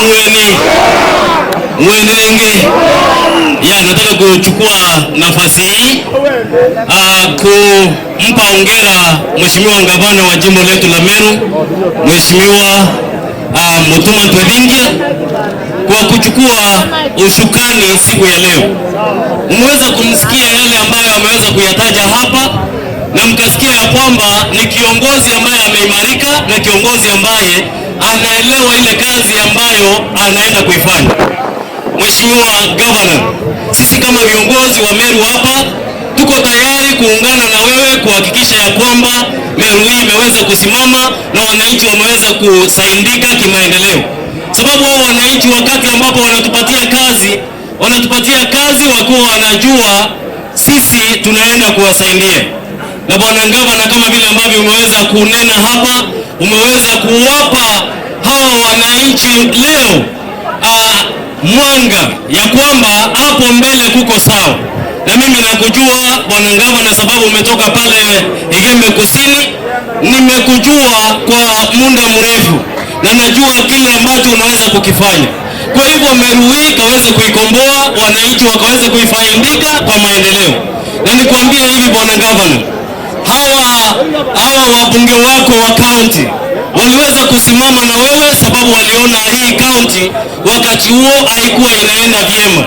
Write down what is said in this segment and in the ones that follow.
mwene mwenenge ya, nataka kuchukua nafasi hii ah, kumpa ongera mheshimiwa gavana wa jimbo letu la Meru, mheshimiwa ah, Mutuma Twalingia kwa kuchukua ushukani siku ya leo. Mmeweza kumsikia yale ambayo ameweza kuyataja hapa na mkasikia ya kwamba ni kiongozi ambaye ameimarika na kiongozi ambaye anaelewa ile kazi ambayo anaenda kuifanya. Mheshimiwa Governor, sisi kama viongozi wa Meru hapa tuko tayari kuungana na wewe kuhakikisha ya kwamba Meru hii imeweza kusimama na wananchi wameweza kusaidika kimaendeleo, sababu hao wananchi wakati ambapo wanatupatia kazi wanatupatia kazi wakuwa wanajua sisi tunaenda kuwasaidia. Na bwana gavana, kama vile ambavyo umeweza kunena hapa umeweza kuwapa hawa wananchi leo uh, mwanga ya kwamba hapo mbele kuko sawa, na mimi nakujua bwana gavana, sababu umetoka pale Igembe Kusini, nimekujua kwa muda mrefu na najua kile ambacho unaweza kukifanya. Kwa hivyo Meru hii kaweze kuikomboa wananchi wakaweze kuifaidika kwa maendeleo, na nikwambia hivi bwana gavana hawa hawa wabunge wako wa kaunti waliweza kusimama na wewe sababu waliona hii kaunti wakati huo haikuwa inaenda vyema,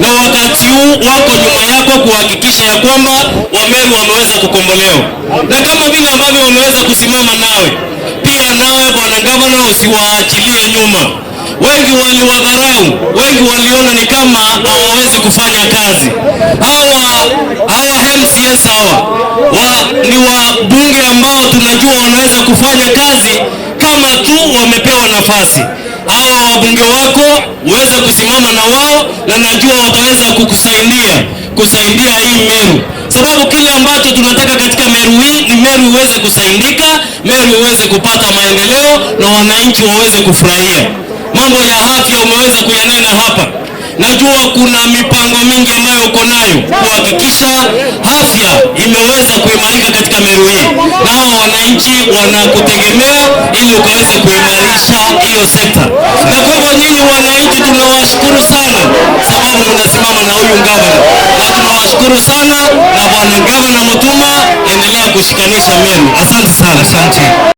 na wakati huu wako nyuma yako kuhakikisha ya kwamba Wameru wameweza kukombolewa, na kama vile ambavyo wameweza kusimama nawe, pia nawe bwana gavana, usiwaachilie nyuma. Wengi waliwadharau, wengi waliona ni kama hawawezi kufanya kazi hawa masensa hawa wa, ni wabunge ambao tunajua wanaweza kufanya kazi kama tu wamepewa nafasi. Hawa wabunge wako uweze kusimama na wao, na najua wataweza kukusaidia kusaidia hii Meru, sababu kile ambacho tunataka katika Meru hii ni Meru iweze kusaidika, Meru iweze kupata maendeleo na wananchi waweze kufurahia. Mambo ya afya umeweza kuyanena Najua kuna mipango mingi ambayo uko nayo kuhakikisha afya imeweza kuimarika katika Meru hii, nao wananchi wanakutegemea ili ukaweze kuimarisha hiyo sekta. Na kubwa, nyinyi wananchi tunawashukuru sana, sababu mnasimama na huyu gavana, na tunawashukuru sana na bwana gavana Mutuma, endelea kushikanisha Meru. Asante sana, asante.